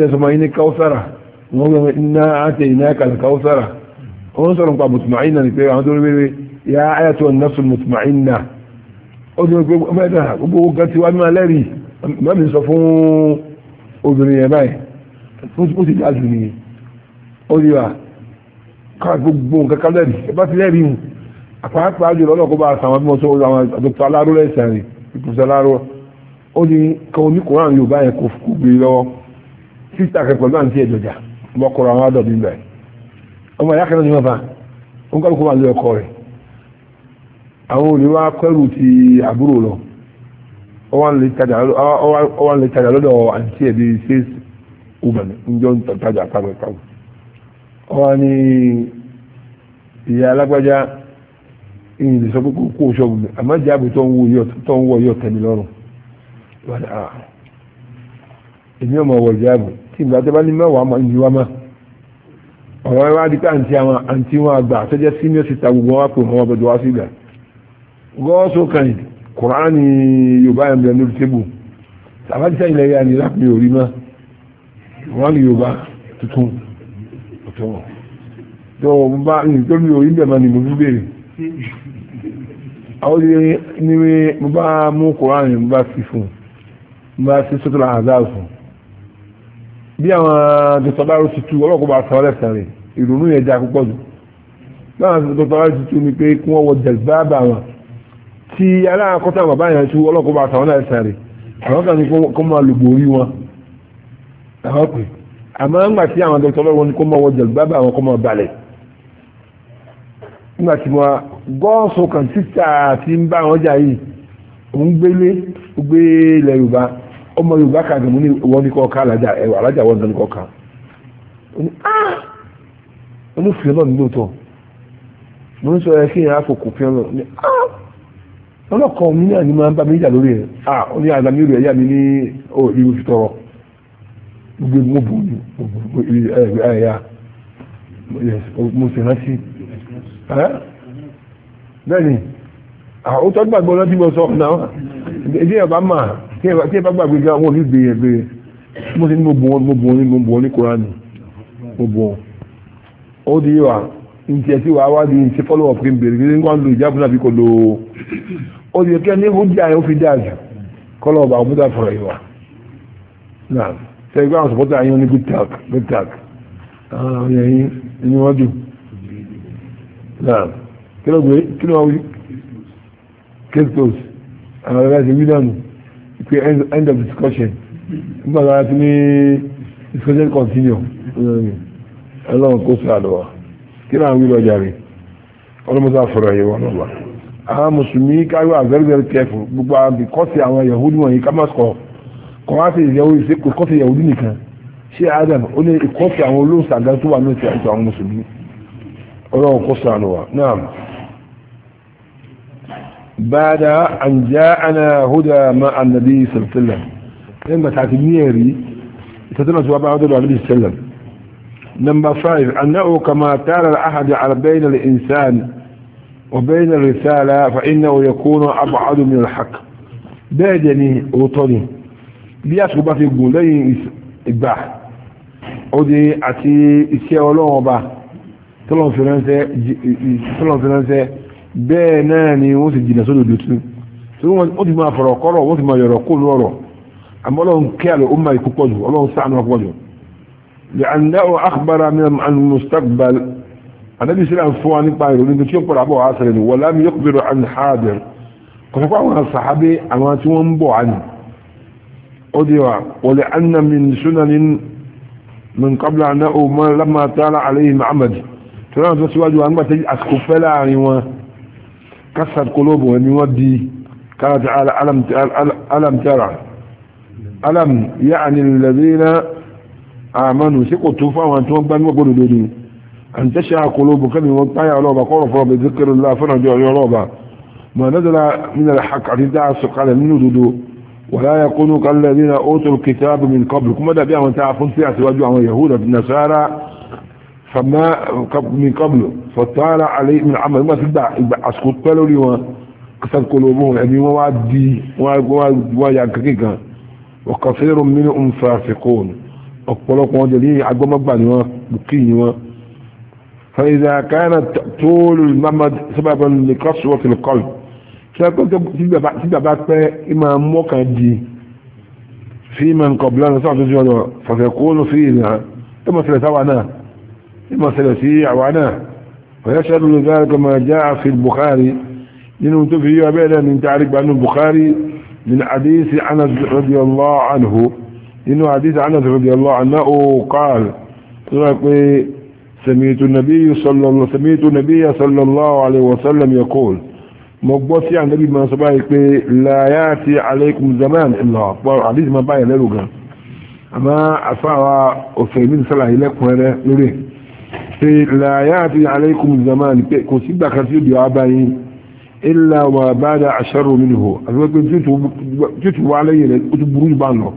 tẹ̀sọ̀mọ́ yìí ní káwùsára wọ́n gbọ́n iná àti iná kàlẹ̀ káwùsára wọ́n sọ̀rọ̀ nípa mùtùmáìnà ní pé àwọn tó rí wéwé ya ayàtọ̀ nafsul mùtùmáìnà ó ti pé mẹ́ta gbogbo ogun ti wá ní alẹ́rì mẹ́mi sọ fún obìnrin yẹn báyìí ó ti dájú ni ó ti wà ká gbogbo nǹkan kan lẹ́rì ẹ bá ti lẹ́rì hù àpáàpáà jùlọ lọ́kọ́ bá àtàwọn ọmọ sọ́wọ́ àwọn àdókòtò aláró lẹ́sẹ̀ rẹ̀ ìpùsọ̀ aláró ó ní kọ́ ní kòrán yóò báyẹn kò gbé lọ́wọ́ sísítà kan pẹ̀lú àǹtí ẹ̀jọ̀jà mọ́kọ̀rọ̀ àwọn àdọ̀ nígbà yìí ọmọ ìyá kanáà ni wọ́n fa ń kọ́ lóko wà ní rẹ̀ àwọn olùwà kẹrù ti àbúrò lọ ọwọ́n lè tajà lọ́dọ̀ àǹtí ńjọ́ tajà ọwọ́n ìyá alágbájá sọ pé kó mi àmọ́ ìjà àbútọ́ ń wọ yọ lọ́rùn èmi ọmọ wọ ìjáàbù tí ìgbà tó bá ní mẹ́wàá máa ń ju wá mọ́ ọ̀rọ̀ ẹ wá di pé àǹtí àwọn àǹtí wọn àgbà tó jẹ́ senior sister gbogbo wọn pè wọn bọ̀dọ̀ wá sí ìgbà gọ́ọ̀sọ kan kùránì yorùbá ẹ̀ ń bẹ lórí tébù àbájáde ilẹ̀ yà ni lápẹ́ orí mọ́ wọn ní yorùbá tuntun ọ̀tọ̀ wọn tó o bá nítorí orí bẹ̀ máa ní mo fi béèrè àwọn ní mo bá mú kùránì mo bá fi fún mo bá sí sọ́tọ̀ àzáà fún bí àwọn dọ̀tọ̀bárò ti tu ọlọ́kùnrin bá sọ ọ́lẹ́sàn rẹ̀ ìrònú yẹn já púpọ̀ jù bí àwọn dọ̀tọ̀bárò ti tu ni pé kí wọ́n wọ jẹ̀lbáàbà wọn tí aláàkọ́tà bàbá yẹn tu ọlọ́kùnrin bá sọ ọ́lẹ́sàn rẹ̀ àwọn kan ní kó máa lògbò orí wọn àwọn pè àmọ́ ńgbà tí àwọn dọ̀tọ̀bárò ni kó máa wọ jẹ̀lbáàbà wọn kó máa balẹ̀ nígbà tí wọn gọ́ọ̀sù kan títà ọmọ yorùbá kan gẹ̀mú ní wọ́n ní kọ́ ká alájà ẹ̀wọ̀ alájà wọ́n ní kọ́ ká ó ní fìlọ́ ah! ní lóòótọ́ mo ń sọ ẹ kí n àfọkù fìlọ́ ní ah! ọlọ́kọ̀ mi náà ni máa ń bá mi jà lórí ẹ̀ ah ó ní àgbà mi rò ẹ̀yà mi ní ìlú fi tọrọ gbogbo mo bù mo bù ẹ̀yà mo sì rántí bẹ́ẹ̀ ni àwọn ah! tó gbàgbọ́ lọ́tí mo sọ ọ̀nà ẹ̀dí ẹ̀ bá máa tí ẹ bá gbàgbé gan wọn ò ní béèrè béèrè mo ti ní mo bùn mo bùn ní mo bùn ní kúránì mo bùn ó di wa ntí ẹ ti wà wá di ntí fọlọ́wọ́ pé n béèrè kí n kàn lo ìjábù náà fi kò lo ó di kí ẹ ní ó jà ẹ ó fi dáa jù kọ́lọ́ ọba ọmọdé àfọ̀rọ̀ yìí wa náà ṣe ìgbà àwọn sọ̀pọ̀tà yín ó ní good tag good tag àwọn àwọn yẹn yín ni wọ́n dùn náà kí ló gbé kí ló wá wí case close àwọn ẹgbẹ́ ti wí náà nù. pé end of discussion nígbà tó a ti discussion continue ọlọ́run kó sọ àdọ́wà kí náà wí lọ́jà rẹ̀ ọlọ́mọdé àfọ̀rọ̀ yẹn wọn lọ́wọ́ àwọn mùsùlùmí káyọ̀ are very very careful gbogbo àwọn bí kọ́sì àwọn yahudu wọ̀nyí ká má sọ̀rọ̀ kọ́ wá sí ìyàwó ìṣe kò kọ́sì n'i nìkan ṣé adam ó ní ìkọ́sì àwọn olóòṣà gan tó wà ní ìṣe àti àwọn mùsùlùmí ọlọ́run بعد أن جاءنا هدى مع النبي صلى الله عليه وسلم لما تعتميري تتمس وابع هدى النبي صلى الله عليه وسلم نمبر فايف أنه كما تال الأحد على بين الإنسان وبين الرسالة فإنه يكون أبعد من الحق بادني وطني بيأسوا بقى في قولين إباح ودي أتي إسيا ولوم بقى تلون فرنسي تلون فرنسي bẹ́ẹ̀ náà ni wọ́n sì jìnà sódò dùtù tí wọ́n ti máa fọ̀rọ̀ kọ́rọ̀ wọ́n ti máa yọ̀rọ̀ kó lọ́rọ̀ àmọ́ ọlọ́run kí àlọ́ ó máa ikú pọ̀jù ọlọ́run sáànù pọ̀jù lẹ́àndáwò àkùbára mẹ́rin mustaqbal anábì sílẹ̀ ń fún wa nípa ìròyìn tí ó pọ̀rọ̀ àbọ̀ àṣẹrẹ̀ ni wọ́lá mi yọkùbẹ̀rọ àn hàdẹ̀r kọ̀sọ́kọ́ àwọn sàhábé àwọn tí wọ́n ń bọ̀ àní ó di wa wọlé anna min sunanin min qabla anna o mọ́ lamma tààlà alayhi muhammad tí wọ́n tó síwájú wa nígbà tí àsìkò fẹ́ láàrin wọn كسر قلوبهم يودي قال تعالى ألم, ألم ترى ألم يعني الذين آمنوا سقطوا فأنتم بنوا وقلوا دودوا أن تشع قلوبكم يا لوبا قرفوا بذكر الله يا لوبا ما نزل من الحق عن الدعاء على النودو ولا يكونوا كالذين أوتوا الكتاب من قبلكم ماذا بيعوا أن تعرفون فيها سواجوا عن يهود النصارى فما من قبله فطال عليه من عمل ما تدع اسكت قالوا لي وقصد قلوبهم يعني وادي ويا كيكا وكثير منهم فاسقون اقبلوا وجلي عقب مباني بكيني فإذا كانت طول الممد سببا لقسوة القلب سيدا باك إما موكا دي في من قبلنا سعد فسيكون فينا كما سلسوا عناه المسألة عوانا ويشهد لذلك ما جاء في البخاري لأنه تفهي أبدا من تعرف بأن البخاري من حديث عنه رضي الله عنه إنه حديث عنه رضي الله عنه قال سميت النبي صلى الله سميت النبي صلى الله عليه وسلم يقول مقبوسي عن النبي ما صباح لا ياتي عليكم زمان إلا أكبر حديث ما بايا للغا أما أصار أفعى صلى الله عليه وسلم pé láyáàfi aláìkùn zaman pé kò sí gbàkan tí ó bí wá báyìí ilá wà bá dá aṣọ́rò nínú hù àtúgbẹ́gbẹ́ títù wá lẹ́yìn rẹ̀ ó ti burú jù bá lọ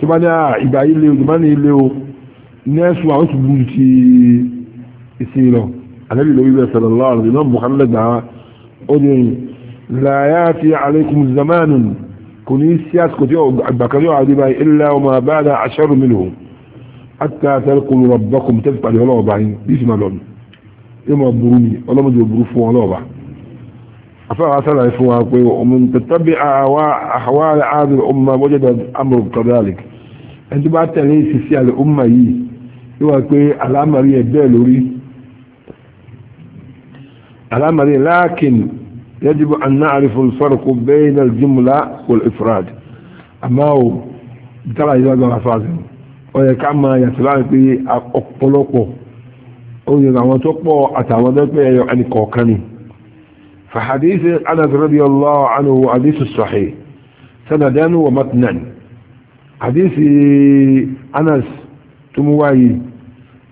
tí bá ní à ah, ìgbà ilé o ìgbà ní ilé o nẹ́ẹ̀sù àwọn ti burú ti ìsìn lọ alẹ́bí lórí bẹ́ẹ̀ sọ̀rọ̀ lọ́rọ̀ iná Muhammad gbà wá ó ní láyáàfi aláìkùn zaman kò ní sí àsìkò tí ó gbàkan yóò àdébáyìí ilá wà bá dá aṣọ́rò nínú hù حتى تلقوا ربكم تبقى لي ولا وبعين ليش ما لون يما بروني ولا ما جو بروفو ولا وبع أفا أسأل عفوا ومن تتبع أحوال هذه الأمة وجد الأمر كذلك أنت بعد تليس في الأمة هي يوا كوي الأمر يبالوري الأمر لكن يجب أن نعرف الفرق بين الجملة والإفراد أما هو ترى إذا قال فاضل ọyẹ ká máa yàtọ̀ láàrin pé ọ̀pọ̀lọpọ̀ oye àwọn tó pọ̀ àtàwọn dẹ́pẹ́ ẹyọ ẹnìkọ̀ọ̀kan ni fàhàdíṣe Anas radiyallahu anhu àdíṣe sahih sanadan wa matnan àdíṣe Anas tó mú wáyé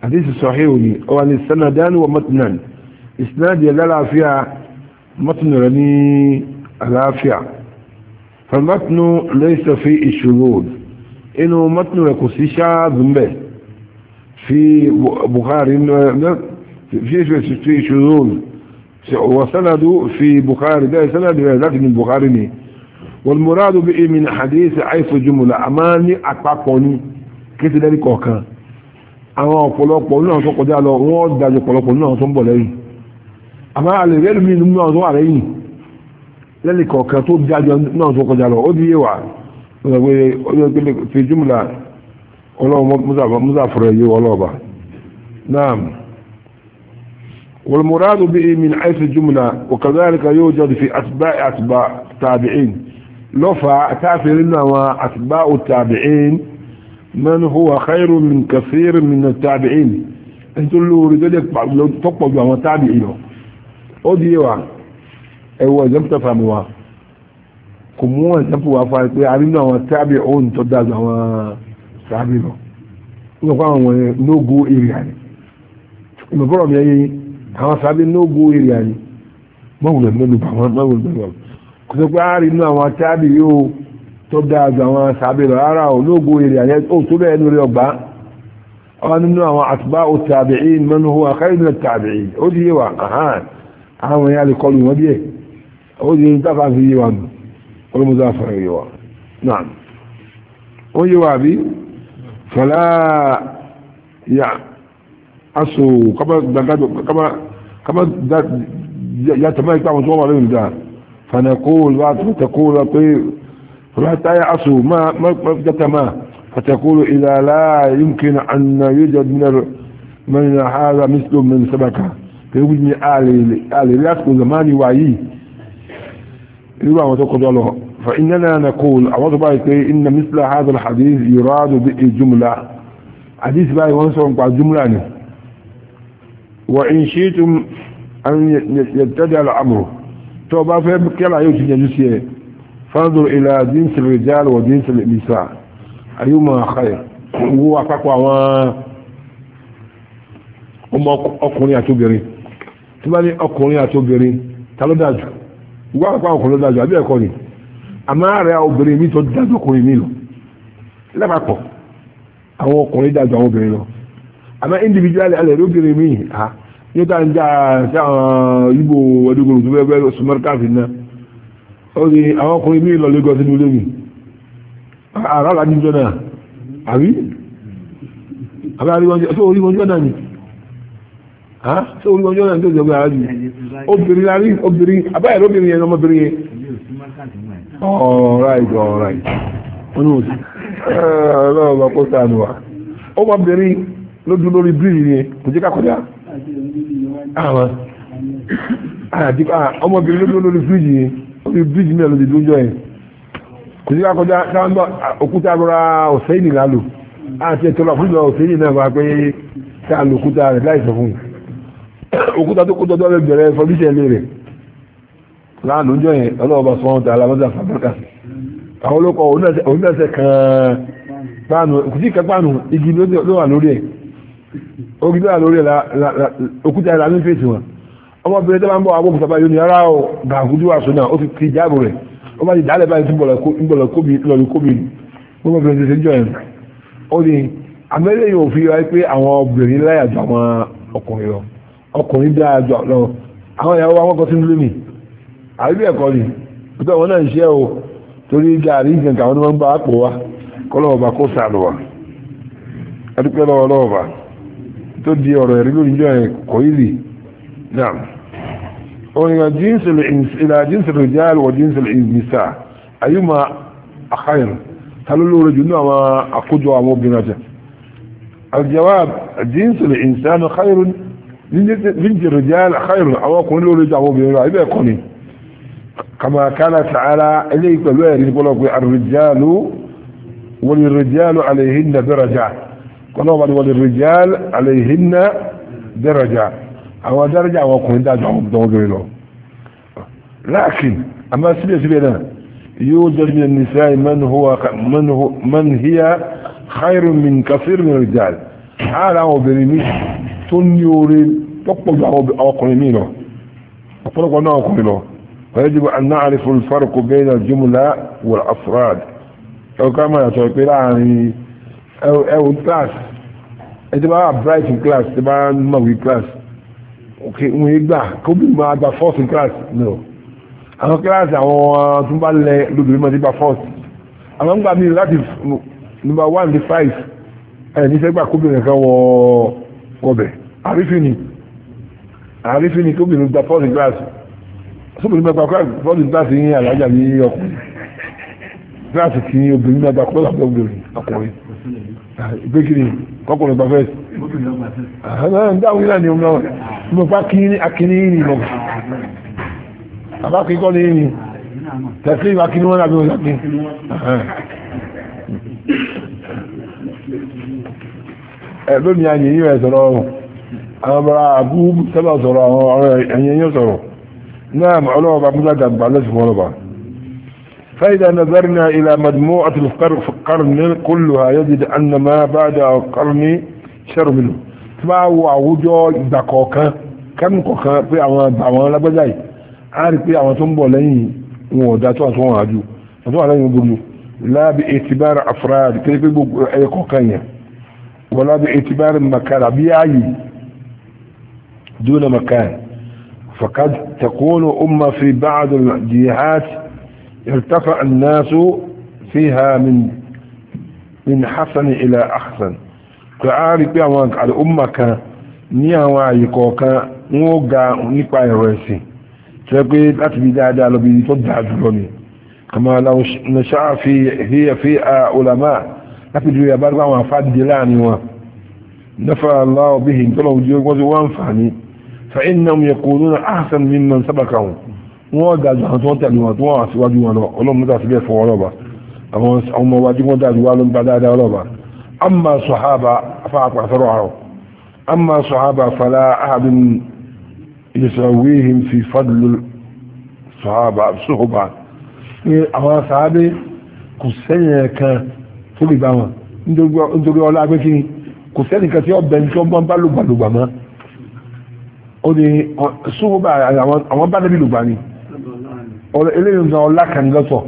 àdíṣe sahih òní ọwà ní sanadan wa matnan isnadi lálàáfíà matnu rẹ̀ ní àlàáfíà فالمتن ليس فيه شذوذ inú matnu rẹ̀ kò sí ṣáàdù mẹ́ fi bukhari eh, eh, fi fi ṣùgbọ́n wa sanadu fi bukhari bẹ́ẹ̀ sanadu rẹ̀ láti ní bukhari ni wal muradu bí i min hadith aifu jumla a máa ní àpapọ̀ ní kéte lẹ́rí kọ̀ọ̀kan àwọn ọ̀pọ̀lọpọ̀ náà tó kọjá lọ wọ́n dájú ọ̀pọ̀lọpọ̀ náà tó ń bọ̀ lẹ́yìn àmá àlè rẹ́lùmí náà tó wà lẹ́yìn lẹ́rí kọ̀ọ̀kan tó dájú náà tó kọjá lọ ó di yé wà ọjọ́ ìpínlẹ̀ fi jùmùlà ọlọ́wọ́ mùsàfúrẹ́ yìí ọlọ́ọ̀bà náà والمراد به من حيث الجملة وكذلك يوجد في أتباع أتباع تابعين لفع تافر وأتباع التابعين من هو خير من كثير من التابعين انتو اللي وردلك لو تقبض وما تابعينه ودي ايوه ايوه زمت فهموها kò mú wọn ṣẹ́fù wá fún a nínú àwọn sábì òun tó dáa àwọn sábì lọ nígbà ni mi yẹ àwọn ni mọ̀wùlẹ̀ mẹ́lú wọn mọ̀wùlẹ̀ mẹ́lú bá wọn kò sọ pé àwọn sábì yóò tó dáa àwọn sábì lọ rárá o no go area ó tó bẹ́ẹ̀ lórí ọgbà nínú àwọn wa والمضاف إليه نعم ويوابي فلا يا يعصوا كما كما كما يتميك بعض صور عليهم ده فنقول بعد تقول طيب فحتى يعصوا ما ما ما جتما فتقول إذا لا يمكن أن يوجد من من هذا مثل من سبكة فيوجد من آل آل لا تكون زماني وعيه يبقى وتقول له فإننا نقول أعوذ بقى إن مثل هذا الحديث يراد به جملة حديث بقى يوصل مع جملة وإن شئتم أن يبتدع الأمر توبا بقى فهم كلا يوتي جنسية فانظر إلى جنس الرجال وجنس النساء أيهما خير هو فقوى و أم ọkùnrin àti obìnrin tí bá ní ọkùnrin àti wọ́n àpá ọkọ̀ ló dájú àbí ẹ̀kọ́ ni àmọ́ ààrẹ obìnrin mi tó dájú ọkùnrin mi lọ lápapọ̀ àwọn ọkùnrin dájú àwọn obìnrin lọ àmọ́ individually alẹ́ rí obìnrin mi ha yóò tá à ń já sí àwọn ibo ẹdúgbò tó fẹ́ fẹ́ sumẹ́ríkà fi ná ó di àwọn ọkùnrin mi lọ Lagos nínú ilé mi àrà làdíjọ náà àbí àbí àríwájú náà ni. Haa, so orí ọjọ́ náà ń tẹ̀sí ọgbà ààrẹ obìnrin la rí obìnrin abáyà lóbìnrin yẹn ọmọbìnrin yẹn alright alright wọn ò sí ọlọ́run bá kó sànù wa ọmọbìnrin ló lórí bíríìjì yẹn kò jẹ́ ká kọjá àwọn ọmọbìnrin ló lórí bíríìjì yẹn lórí bíríìjì náà ló ti yẹn kò jẹ́ ká kọjá táwọn òkúta rọra lò àti ẹ̀tọ́ lọ fún ìgbà òkúta tó kótó tọ́lẹ̀ bẹ̀rẹ̀ fọlíṣẹ́ ilé rẹ̀ láàánú jọ yẹn ọlọ́ọ̀bà sọ́wọ́n tà alábọ́dà fàbíríkà sí àwọn olókọ̀ onídẹ̀ẹ́sẹ̀ kan páànù kò sí kan páànù igi ló wà lórí ẹ̀ ogi ló wà lórí ẹ̀ òkúta ìlà ní fèsì wọn ọmọbìnrin tó bá ń bọ̀ àwọn òkúta báyìí ní ara ọ̀ gàgùdú wà sónà ó ti ti jáàbù rẹ̀ ó bá ti dálẹ̀ báyìí tó bọ̀lọ̀ kóbi lọ́lù kóbi ọmọbìnrin ti ṣe jọ yẹn ó ní amẹ́lẹ́yìn òfin wáyé pé àwọn obìnrin láyàjọ àwọn ọkùnrin lọ ọkùnrin dáa jọ lọ àwọn ìyàwó wa wọ́kọ̀ sínú lónìí àríbí ẹ̀kọ́ ni pẹ̀lú àwọn náà ń ṣe o torí gàrí ìgbẹ̀ǹkà wọn ni wọ́n ń bá àpò wa kọ́lọ́ọ̀bà kó sàánù wa adúpẹ́ lọ́wọ́ lọ́wọ́bà tó di ọ̀rọ̀ ẹ̀rí lórí jọ ẹ̀ kò ìlì náà onígbà jíǹsì lè jáàlù wọ jíǹsì lè nìsà ayúmọ̀ àkáyàn talólórí jù ní àwọn àkójọ àwọn obìnrin àjẹ́ الجواب الجنس الإنسان خير بنت الرجال خير عواق ولو رجع وبيرا يبقى كما كان تعالى إليك الوالي يقول لك الرجال وللرجال عليهن درجة قالوا بل وللرجال عليهن درجة أو درجة وكون دا جعوب دوغيلو لكن أما سبيل سبيل يوجد من النساء من هو من هو من هي خير من كثير من الرجال حالا وبرميش تنيوري lọ́pọ̀ ju àwọn ọkùnrin mi lọ ọ̀pọ̀lọpọ̀ náà ọkùnrin lọ ويجب أن نعرف الفرق بين الجملة والأفراد أو كما يتوقع يعني أو أو كلاس إذا برايت كلاس إذا نوي كلاس أوكي ويجب كم ما أبا فورس كلاس نو أنا كلاس أو ثم بالله لودي ما تبا فورس أنا مقابل من لاتف نمبر 1 ل 5 أنا نسيب كوبي نكوا كوبي عارفيني àrífí ni kó bìnrin gba pọ́ọ̀sì gíláàsì sóbìnrin gba pọ́ọ̀sì gíláàsì yín àlájà ní ọkùnrin gíláàsì kì í obìnrin náà gba pọ́ọ̀sì ọkùnrin ọkùnrin ìgbékiri kọkùnrin gba fẹ́ẹ̀sì. àwọn dáhùn ilá ni ọmọ mo pa yín ni mo àbá ni yín ni tẹ̀sí ìwà wọn làbí wọn làbí. ẹ lónìí àyè yín rẹ̀ sọ̀rọ̀ ọ̀hún. àbúrà àbú sábà sọ̀rọ̀ àwọn ọ̀rọ̀ ẹ̀yẹn yóò sọ̀rọ̀ náà ọlọ́ọ̀bà múlá dàgbà lẹ́sùn ọlọ́ọ̀bà فإذا نظرنا إلى مجموعة القرن كلها يجد أن ما بعد القرن شر منه تبع وعوجو دقوكا كم قوكا في عوان بعوان لبزاي عارف في عوان تنبو لين وداتو أسوان عجو أسوان لين يقولوا لا باعتبار أفراد كيف يقول أي قوكاية ولا باعتبار مكان بيعي دون مكان فقد تكون أمة في بعض الجهات ارتفع الناس فيها من من حسن إلى أحسن كعارف يا وانك على أمك نيوا يكوك نوغا نيكوا يروسي تقول أتبي دادا لبي تدع جلوني كما لو نشاء في هي في علماء أفدوا يا بارغا وفاد دلاني نفع الله به تلو جيوك وزوان فاني فإنهم يقولون أحسن ممن سبقهم wọ́n dájú àwọn tí wọ́n tẹ̀lé wọn tí wọ́n wà síwájú wọn lọ ọlọ́run dá síbẹ̀ fún ọlọ́ba àwọn ọmọ wa tí wọ́n dájú wa ló ń gba dáadáa ọlọ́ba amma sọ̀hábà fàápà sọ̀rọ̀ àrọ̀ amma sọ̀hábà fàlà àbín ìṣòwéhìn fi fadlu sọ̀hábà sọ̀hùbà ní àwọn sàábé kò sẹ́yìn kan ó ní ṣùgbọ́n àwọn bá débi lùgbà ni eléyìí náà lákàndọ́tọ̀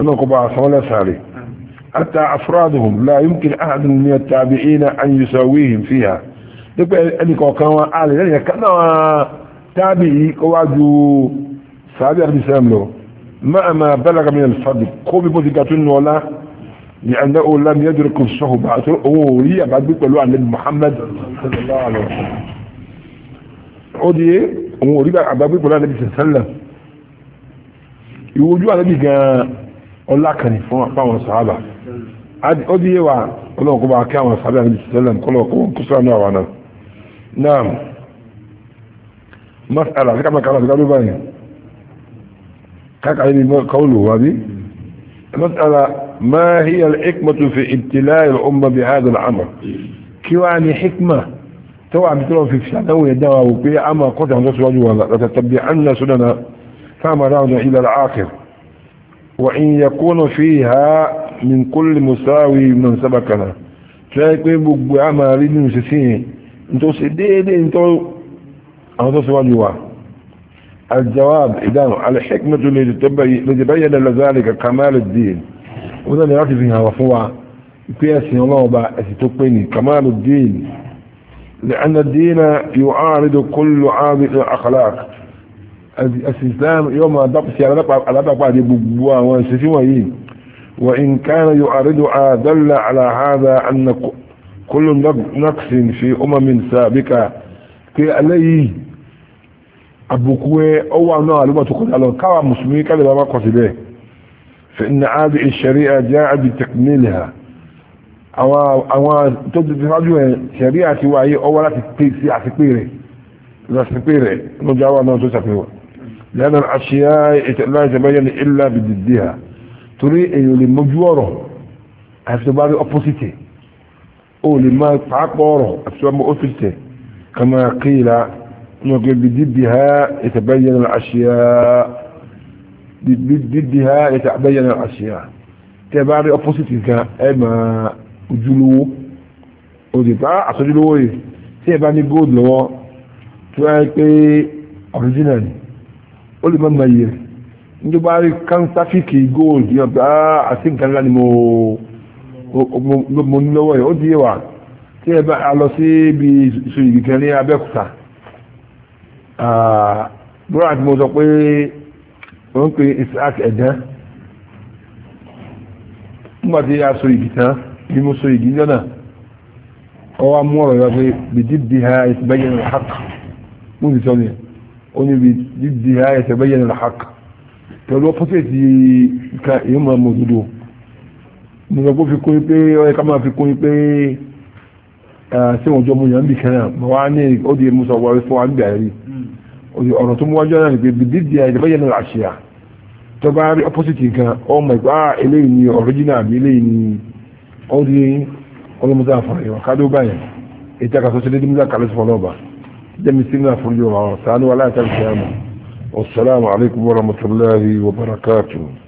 ọlọ́kọ̀ bá sọ lẹ́sàárì àtà afúrádùn la yumkin ahadun ní tàbí iná an yusawihim fiha dípẹ́ ẹnìkọ̀ọ̀kan wọn a lè lẹ́yìn kan náà tàbí yìí kó wá ju sàábì àti sẹ́m lọ máa ma balaga min al-fadl kó bí bó ti gàtún nù ọlá ni àndá òun lámìyàdúró kò sọ́hùn bá àtúrò owó orí àbágbé pẹ̀lú àlẹ́ Muhammad sallallahu alaihi wa sallam ó di òun òrí àgbàgbé pẹ̀lú ànábì sẹ̀sẹ̀lẹ̀ ìwojú ànábì gan ọlá kàní fún àpáwọn sàábà ó di wa ọlọ́run kó bá kí àwọn sàábà ànábì sẹ̀sẹ̀lẹ̀ kọ́lọ̀ kó kó sọ́ra náà wà náà náà masala sí kàmà kàmà sí báyìí kàkàlẹ́ bí kọ́ọ̀lù wa bí masala ما هي الحكمة في ابتلاء الأمة بهذا الأمر كيواني حكمة سواء عم بتروح في شعبوية دواء وبيع أما قطع نص وجوه لتتبعن سننا فأمرنا إلى الآخر وإن يكون فيها من كل مساوي من سبقنا تلاقي بقبو عما ريد نسسين انتو سديد انتو نص وجوه الجواب إذن الحكمة التي بين ذلك كمال الدين وذلك فيها وفوع قياس الله بأس تقني كمال الدين لأن الدين يعارض كل عامل الأخلاق الإسلام يوم دبس على ضبط ببوا وإن كان يعارضها دل على هذا أن كل نقص في أمم سابقة كي عليه أبوكوي أو أنا لما تقول على كوا مسلمين كذا ما قصده فإن هذه الشريعة جاء بتكميلها àwọn tó ti sáájú ẹ̀ ṣẹ̀rí àti wáyé ọwọ́ láti pè sí àsìpé rẹ̀ lọ́sìpé rẹ̀ lójá wà náà tó ṣàfihàn lẹ́nà àṣíyá láìsẹ̀bẹ́yẹ́ ní ilá bìdìdì ha torí èyàn lè mójú ọ̀rọ̀ àti bá rí ọpọ́sìtì ó lè má pàápọ̀ ọ̀rọ̀ àti bá mọ́ kama kíla ní àṣíyá bìdìdì ha ìtẹ̀bẹ́yẹ́ ojúlówó òdìpá àsọjúlówó yìí tí ẹ bá ní gold lọ́wọ́ tí wọ́n á pé original ó lè má ma yẹ nítorí bá rí kántàfíìkì gold yẹn pé ah, àti nǹkan ńlá ni mo mo ní lọ́wọ́ yìí ó di wà tí ẹ bá lọ sí ibi ìṣòyìn kìkan ní Abẹ́òkúta ah, bọ́lá àti mo sọ pé wọ́n ń pè isaac ẹ̀dán nígbà tí a so ìgì tán bí mo so ìdí lọ́nà ọwọ́ mú ọ̀rọ̀ yọ pé bìdìbì ha ìsìbẹ́yẹ̀ nà hàk mú ti sọ ni ó ní bìdìbì ha ìsìbẹ́yẹ̀ nà hàk pẹ̀lú ọpọ́sẹ̀tì ka èyí máa mọ òdodo mo sọ pé fi kún pé ó ká máa fi kún pé ṣé wọn yàn bì kẹrẹ mo wá ní ó di mo sọ wọlé fún wa níbi àyẹrí ọ̀rọ̀ tó mú wájú náà ni pé bìdìbì ha ìsìbẹ́yẹ̀ nà àṣìyà tó bá rí ọpọ́sẹ̀tì kan ọmọ ìgbà ah, eléyìí ni ọ̀ríjìnà àbí eléyìí ni ọdí ọlọ́mọdé àfọ̀rẹ́ wa kádó báyìí ètò àkàtọ́ sílẹ̀ ní mílíọ̀nù kàlẹ́sì fọlọ́ọ̀bà jẹ́mi sílẹ̀ àforíjì wa sànú aláìsàn fìyàmù wasalaamu alaykum wa rahmatulahi wa barakatuh.